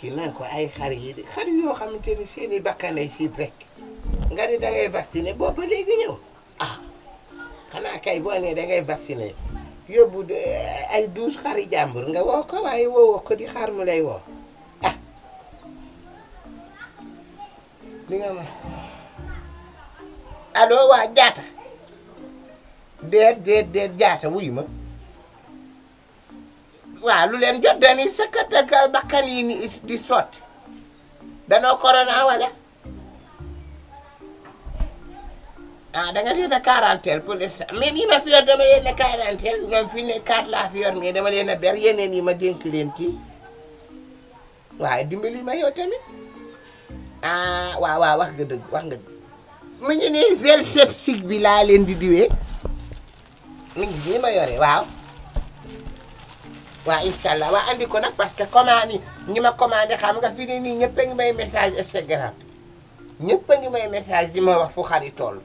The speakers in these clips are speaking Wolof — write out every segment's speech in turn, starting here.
kii naan ko ay xar yi de xar yoo xamante ni seen i bakkanay siit rek nga ni da ngay vacciné booba léegi ñëw ah xanaa kay boo nee da ngay vacciné yóbbu eh, ay douze xari jàmbur nga woo ko waaye woowoo ko di xaar mu lay woo ah li ma allo waa jaata déet déet déet jaata wuyu ma waaw lu leen jot dañuy sëkkat ak bakkan di sotti danoo corona wala ah da nga leen a quarantaine pour les mais nii ma fi dama leen a quarantaine ñoom fi ne quatre laa fi yor dama leen a ber yeneen yi ma dénk leen kii waaye dimbali ma yow tamit ah waaw wax nga dëgg wax nga dëgg bi laa leen di diwee mi ngi nii ma yore waaw. waaw incha allah wa andi ko nag parce que commande yi ñi ma commandé xam nga fi ni nii ñëpp a ngi may message Instagram ñëpp a ngi may message yi ma wax fu xari yi toll.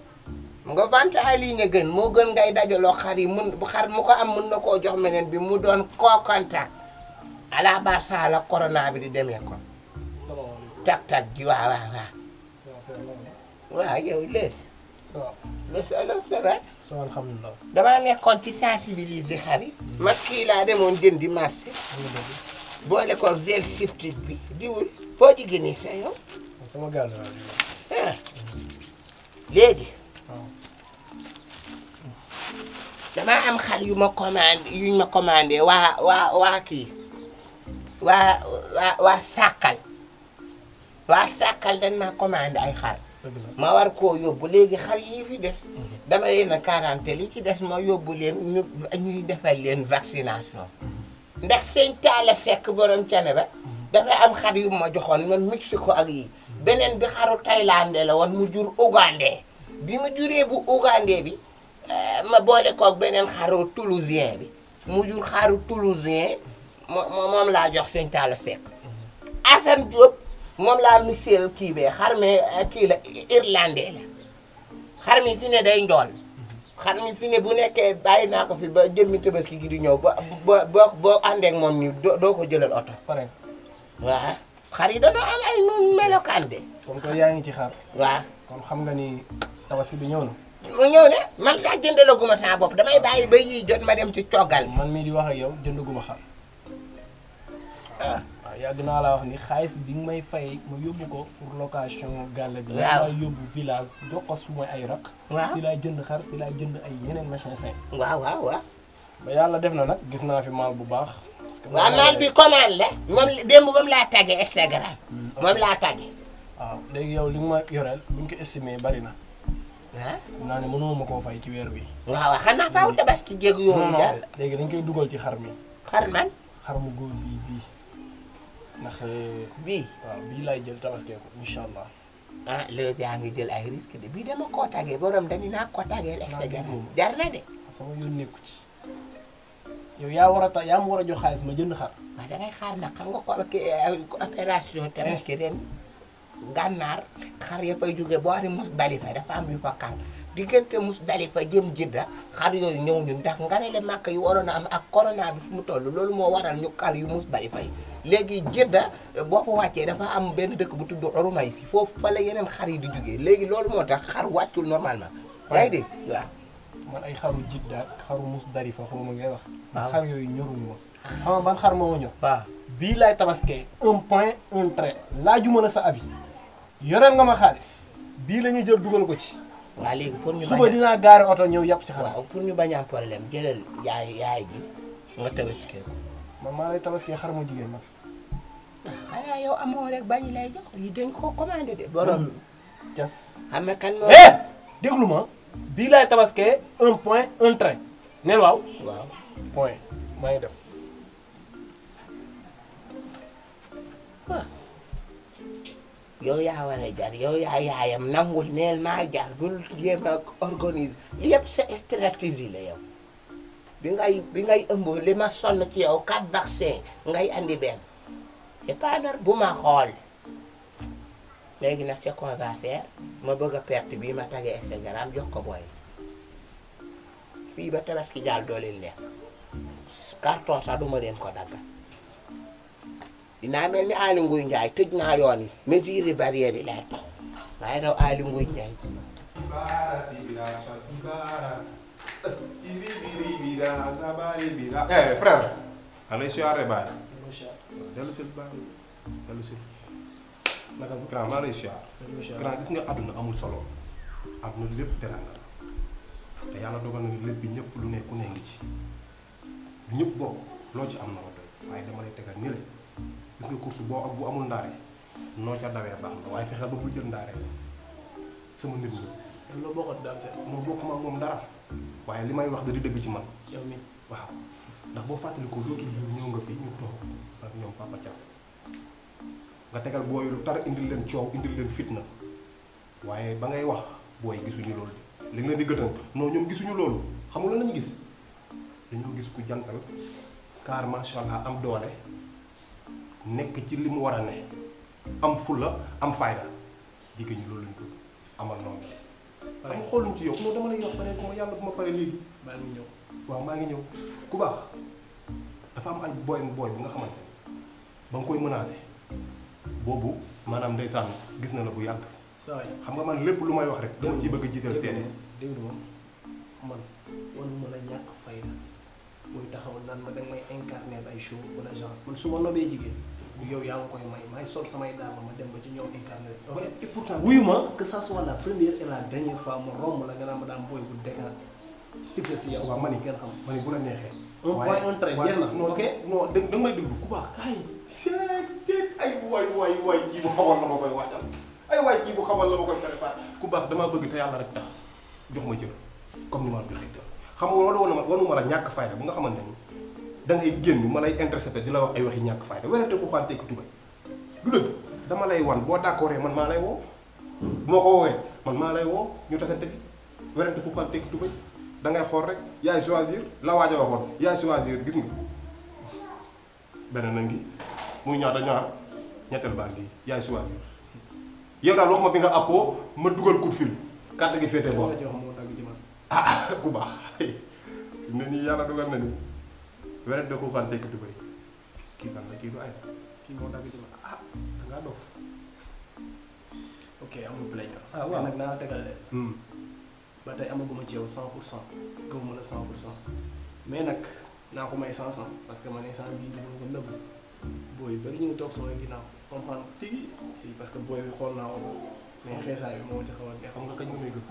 nga vente à gën moo gën ngay dajaloo xar yi mun bu xar mu am mun na koo jox meneen bi mu doon koo contact ala barsa la corona bi di demee kon. salaamaaleykum tak tak ji waaw waaw waaw. waaw yow léegi. waaw. so alhamdulilah. damaa nekkoon ci sensibiliser xar yi. Mm. masque yi laa demoon jëndi marché. boole ko gel septique bi diwul foo ci génnee sa léegi. damaa am xar yu ma commandé yuñ ma commandé waa waa waa kii waa waa waa sàkkal waa sàkkal dañ ma commandé ay xar. ma war koo yóbbu léegi xar yii fi des. Mhm. dama leen a quarante li ci des ma yóbbu leen ñu ñuy defal leen vaccination. ndax sëñ Talla Seck borom cane ba. Mhm. dafa am xar yu ma joxoon man Mexique ak yii beneen bi xaru Thaïlande la wan mu jur Ougandais bi mu juree bu Ougandais bi euh, ma boole koog beneen xaru Toulousien bi mu jur xaru Toulousien moom laa jox sëñ Talla Seck. Mhm. Assane Diop. moom laa mixé kii be xar mi eh, kii la irlandais la xar mi fi ne day njool xar mi fi ne bu nekkee bàyyi naa ko fi ba jëmmi tabaski gi di ñëw ba ba boo boo àndee moom ñu doo ko jëlal oto. pare waaw xar yi dañoo am nu melokaan de. yaa ngi ci xar. waaw kon xam nga ni tabaski ñëw na. mu ñëw ne man sax jëndalaguma saa bopp damay bàyyi ba yii jot ma dem ci coggal. man mii di wax ak yow jëndaguma xar ah. waaw yàgg naa laa wax ni xaalis bi nga may fay ma yóbbu ko pour location gàll bi. waaw ma yóbbu village jox ko ay rak. waaw fi laa jënd xar fi laa jënd ay yeneen machine say. waaw waaw waaw. ba yàlla def na nag gis naa fi maal bu baax. waaw maal bi commande la. moom démb ba mu laa tàggee Instagram. Hmm. moom léegi yow li nga ma yoreel bu ñu ko estimé bari na. ah. naa ne mënoo ma koo fay ci weer bi. waaw waaw xanaa faaw hmm. tabaski jéeg yooyu daal. léegi dañ koy dugal ci xar mi. xar man xar mu góor bii bii. ndax euh, bii waaw bii laay jël tabaskee ko incha allah. ah léegi yaa ngi jël ay risque de bii dama koo tàggee borom dañu naa koo tàggee jar na de. sama yoon nekku ci yaa war a ta yaa ma war a jox xaalis ma jënd xar. waaw da ngay xaar nag xam nga ko euh, opération tabaski eh. ren gànnaar xar ya fay jóge boori mos dali fa dafa am yu ko kar diggante mus fa jëm Jidda xar yooyu ñëw ñu ndax nganale màkk yi waroon a am ak corona bi fu mu toll loolu moo waral ñu xar yu Musdalifa yi léegi Jidda boo fa wàccee dafa am benn dëkk bu tudd Urumay si foofu fa la yeneen xar yi di jógee léegi loolu moo tax xar wàccul normalement yaa ngi dégg waaw man ay xaru Jidda ak xaru Musdalifa xaw ma ngay wax xar yooyu ñorul ma xam nga ban xar moo ñor waaw bii laay tabaskee un point un trait ju mën a sa avis yoreel nga ma xaalis bii la ñuy jël dugal ko ci waaw léegi pour ñu bañ suba dinaa gaare oto ñëw yàpp ci xanaa. waaw ñu bañ a am problème jëlal yaay yaay ji nga tabaskee ko. man maa lay tabaskee xar mu jigéen ma. xanaa yow amoo rek bañ lay jox yi dañ ko commandé de. borom jas xam nga kan moo. Eh, déglu ma bii laay tabaskee un point un train. neel waaw. point maa dem. yow yaa war a jar yow yaa yaayam nangul neel maa jar bul jéem a organiser yëpp sa stratégie la yow bi ngay bi ngay ëmb li ma sonn ci yow quatre vaccin ngay andi benn c'est pas nar bu ma xool léegi nag c'est qu'on va faire ma bëgg a perte bii ma tagee Instagram jox ko booy fii ba tabaski daal doo leen def carton sax duma ko dagga dinaa mel ni Aly Ngouille Ndiaye tëj naa yoon yi mesures yi barrières yi lay tax waaye raw Aly Ngouille Ndiaye eh frère allez siyaare baay grand gis nga àdduna amul solo àdduna lépp teranga te yàlla dogal na lépp bi ñëpp lu ne ku ngi ci ñëpp bokk loo ci am na la waaye dama lay tegal ni la gis nga course boo am bu amul ndaare noo ca dawee baax na waaye fexeel ba bu jël ndaare sama nit nga. yow loo bokkoon daal seen. moo bokk ma moom dara waaye li may wax da di dëgg ci man. yow mi waaw ndax boo fàttalikoo l'autre jour ñëw nga fi ñu toog ak ñoom Papa Thias nga tegal booy lu tar indil leen coow indil leen na waaye ba ngay wax booy gisuñu loolu de li nga leen di gëtal non ñoom gisuñu loolu xamul la nañu gis dañoo gis ku jantal car macha am doole. nekk ci li mu war a ne am fulla am fayda jigéen ñi loolu lañ ko amal noonu la. mu xooluñ ci yow non dama lay wax pare ko yàlla bu ma pare léegi. maa ngi ñëw waaw maa ngi ñëw ku baax dafa am ay booy booy bi nga xamante ba nga koy menacé boobu maanaam ndeysaan gis na la bu yàgg. xam nga man lépp lu may wax rek. dama ciy bëgg a jiital seede. déglu ma man wan mën a ñàkk fay na muy taxaw naan ma danga may incarner ay show wala genre man su ma nobee jigéen. yow yaa ma koy may may sol samay daal ma dem ba ci ñoom internet. et pourtant wuyu ma que ça soit la première et la dernière fois ma romb la nga naan ma daan booy bu dégg tif ma ni kenn xam bu la neexee. un point un trait jeex na ok non da nga may dund ku waay waay waay ji bu xamal la ma koy waajal ay waay ji bu ku baax damaa bëgg te yàlla rek tax jox ma cër comme ni ma la joxee cër xam nga loolu woon na ma woonu ma ñàkk fayda bu nga xamante ni. da ngay génn ma lay intercepté di la wax ay waxi ñàkk fayda werante ko xante ko tubay du dëgg dama lay wan boo d'accordee man maa lay woo moo hmm. ko woowee man maa lay woo ñu tasante fi werante ko xante ko tubay da ngay xool rek yaay choisir la waaj a waxoon yaay choisir gis nga beneen a ngi muy ñaata ñaar ñetteel baa ngi yaay choisir yow daal wax ma bi nga appoo ma dugal coup de fil carte gi féete boo ah, ah ku baax ne nii yàlla dugal na ni weret da koo ko tey katu bëri kii kan la kii du ay kii moo dagg ci ma ah dangaa doof ok amul plaignant ah nag naa tegal leen hmm. ba tey amaguma ci yow cent pour cent gëw mën cent pour cent mais nag naa ko may cent cent parce que man instant bii dama ko nëbb booy bëri ñu ngi toog sama ginnaaw comprendre tigi si parce que booy bi xool naa ko mais xeesaay bi moo ci xaw a neex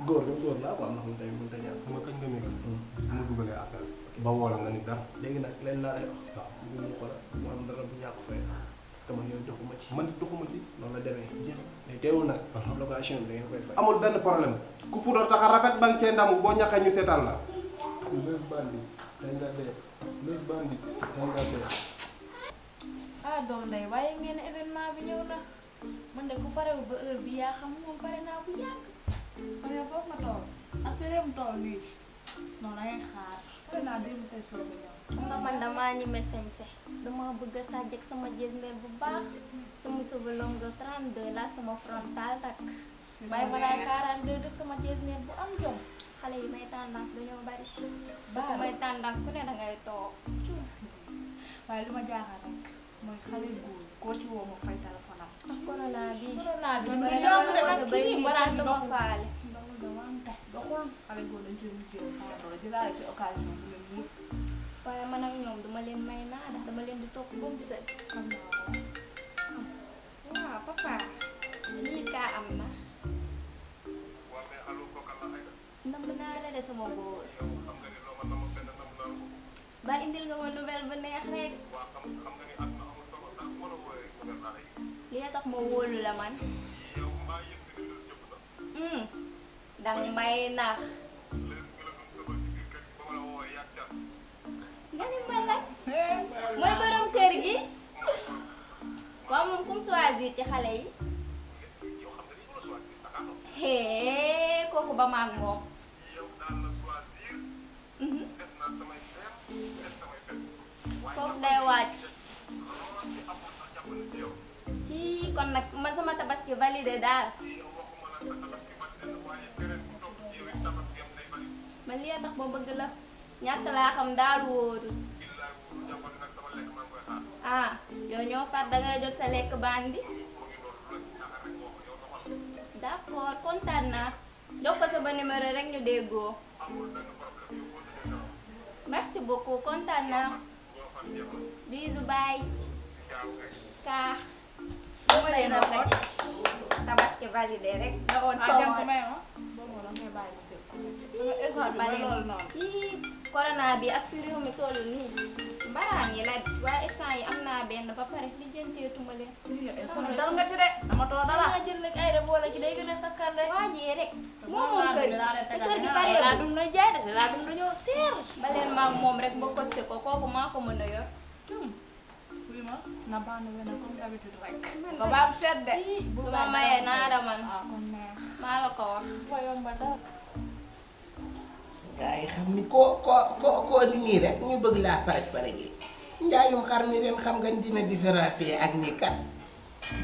góor la góor la quoi ndax tey mënut a ma xam nga kañ nga mu dugalee appel. ba woo nga ni dara. léegi nag leen laa lay wax. waaw bu ñu xoolal mu am dara bu ñàkk fay parce que man yow doxuma ci. man doxuma ci. noonu la demee. jeex mais teewul nag. location bi da ngeen koy tax a rafet ba nga cee ndamu boo ñàkkee ñu seetaan la. neuf ah doom day waaye ngeen événement bi ñëw na man de ku parewul ba heure bi yaa xam moom pare naa bu yàgg. mu toll nii noonu ay xaar xëy naa nga man damaa ñeme sañse dama bëgg a sàjj ak sama bu baax sama sobu longueur 32 la sama frontal takk. waaye balaa 42 de sama jésmeel bu am jom xale yi may tendance dañoo bari. baax may tendance ku ne dangay toog. waaye li ma jaaxal rek mooy xale góor koo ci woo ma fay téléphone am. corona bi corona bi. man de yow de man kii bi xale góor lañ ci mujjee woon di raadu ci occasion man ak ñoom dama leen may naa ndax dama leen di toog ba mu papa lii kaa am na. waaw mais am na namb ba indil nga ma nouvelle ba neex rek. waaw xam xam nga la man. yow dang may nax nga ni ma laaj mooy kër gi waaw moom kum choisir ci xale yi hee kooku ba maag moom foofu day wàcc ci kon nag man sama tabaski validé daal man li tax ma bëgg la ñàkk laa xam daal wóorul. ah yow ñoo far da ngay sa lekk bandi. d'accord kontaan naa jox ko sama numéro rek ñu déggoo. merci beaucoup kontaan naa. bisous kaa. bu ma leen a rek. nga woon bare lii corona bi ak fi réew mi toll nii mbaraan yi la waaye instant yi am naa benn ba pare li jënteetu ma dal nga ci de amatoo dara nga jël nag ay rek wala ci day gën a sakkan rek. moom moom kër gi kër gi pare laa dund na jaay de laa dund ñëw seer. ba leen moom rek ba cote ko kooku maa ko mën a yor. oui ma na baanu wena ko baam ma mayee naa man. maa la ko wax. gaa yi xam ni koo koo koo koo di nii rek ñu bëgg laa faraj faraj yi njaayum xar mi ren xam nga dina différencier ak ni kat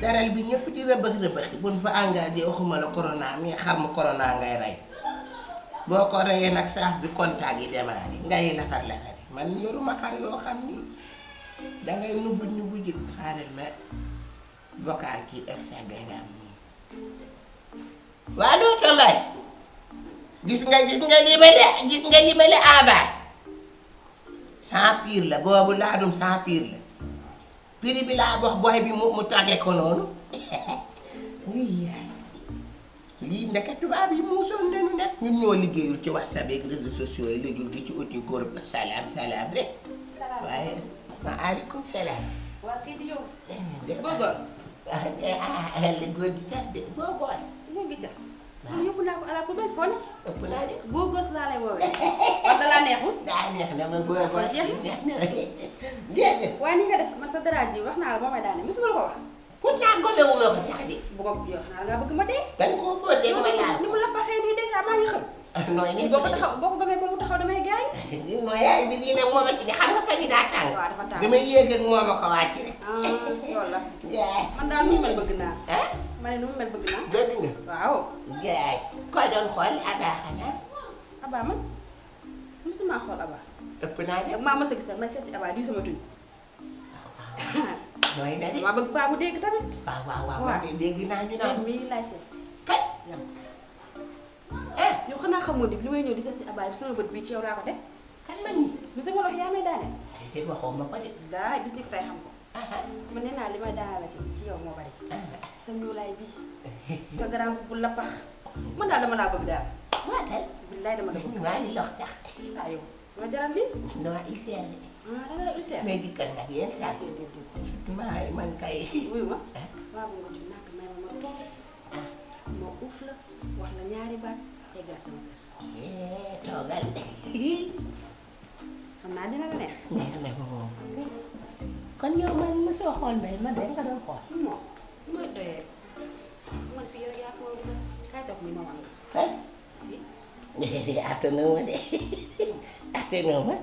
daral bi ñëpp di rëbëx rëbëx buñ fa engagé waxuma la corona mais xar mu ngay rey boo ko reyee nag saaf bi contact yi démarré ngay lafar lafari man yoruma xar yoo xam ni dangay nubbu nubbu ji xaaral ma vocal kii Instagram nii waa doo tolloy gis nga gis nga li gis nga li abaay ah, cent la boobu laadum cent pire la prix bi laa wax boy bi mu mu tàgge ko noonu lii ndeke tubaab ñoo liggéeyul ci whatsapp ak réseaux sociaux yi ci uti góor ba salaam salaam rek lay woowee wax da laa neexul. daa neex na ma booy booy. jeex waaye ni nga def man sa dara ji wax naa la a may daane mosuma la ko wax. pour naa góobee wu ko sax xam nga bëgg nii déjà maa ngi xam. Ah, nooy moom a ci ne a ah, man daal nu mel bëgg naa. ah ne nu mel bëgg naa. bëgg nga waaw. jaay koo doon xool Ada xanaa. Aba man musuma xool Aba. ëpp naa de. maa mos a gis nag may seet si Aba duy sama tuñ. mooy na de. maa bëgg paa bu dégg tamit. waaw waaw waaw man de dégg naa ñu naan. mii seet si. kat yam. eh li may ñëw di seet si sama bët bii ci yow daa ko teg. kan man mii. monsieur yaa may daane. déedéet ma ko de. daay bis ni ko tey xam ko. man nee li may daane la ci ci yow moo bari. sa ñuulaay bii. sa garaam bu lappax. man daal dama laa bëgg daal. waaw kay. billaay dama dugg waaw li lox sax. waaw yow ma jaral li. non UCR de. ah da nga UCR. mais dikkal nag yéen saa yi. maa man kay. wuyu ma waaw ah. ma ci nàkk may ma ma toog ah. ma uuf la wax la ñaari baat eggal sama kër. Eh, toogal de. xam naa dina la neex. neex na moom. kon yow man mosoo xool mbay ma de nga doon xool. non mooy doyee man fii yow yaa ko kay toog ni ma wax la. léegi attanoo ma de attanoo ma.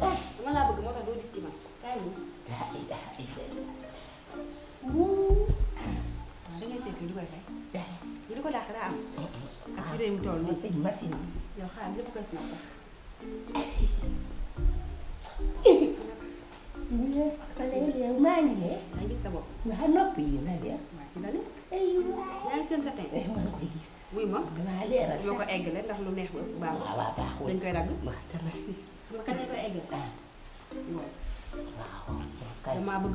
ah dama laa bëgg moo tax doo gis ci man kaay mu. ah il a di ko dàq daa am. ak ci réew mi tool bi tëj machine bi. yow xaaral lépp ko si naan sax. maa ngi ne. na de. maa ci la de. yaa ngi seen ma. waaw leeral ma ko eggale ndax lu neex ba baax. waaw waaw baaxul dañ koy dagg. waaw tamit. xam nga koy eggale. Ah. Mm. waaw. daa metti. ma bu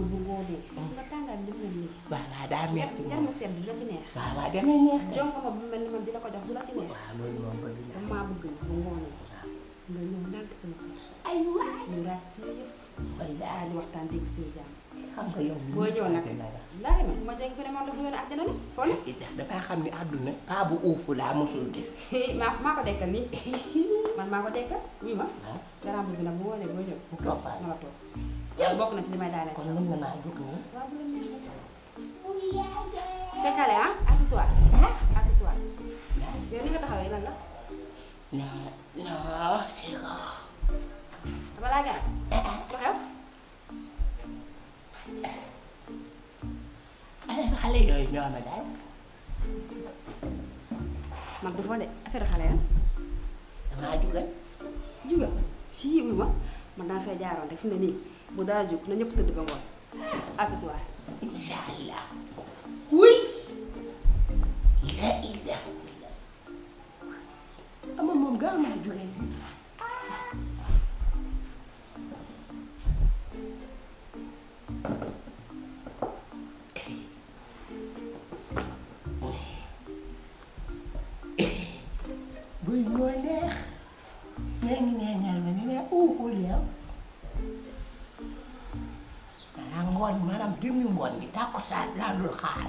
mel ni man bëgg naa damaa ngoonee. nga ñëw ndànk sama kër. aywa ñu raat suñu yëpp. xam nga yow. boo joo nag laay ma ma jëng ko dafa xam ni àdduna paa bu uufu laa mosul gis. Eh, maa maa ko dekkal nii man maa ko dekkal wuyu ma. Ah. garab bi nag bu woonee boo ñëw. bu toog ma nga toog. yow bokk na ci li may daaneel. kon mën nga naa jóg ah? Ah. ni nga taxawee lan la. non non c'est bon. dama laa affaire xale yooyu ñoo ma daal man du foo de affaire xale ya damaa jugal jugal si ma man daa fay jaaroon def ne nii bu dara jug na ñëpp tëdd ba ngoon à ce soir incha allah oui ama moom ga am jugal bi mu ngoon gi tàkkusaan laa dul xaar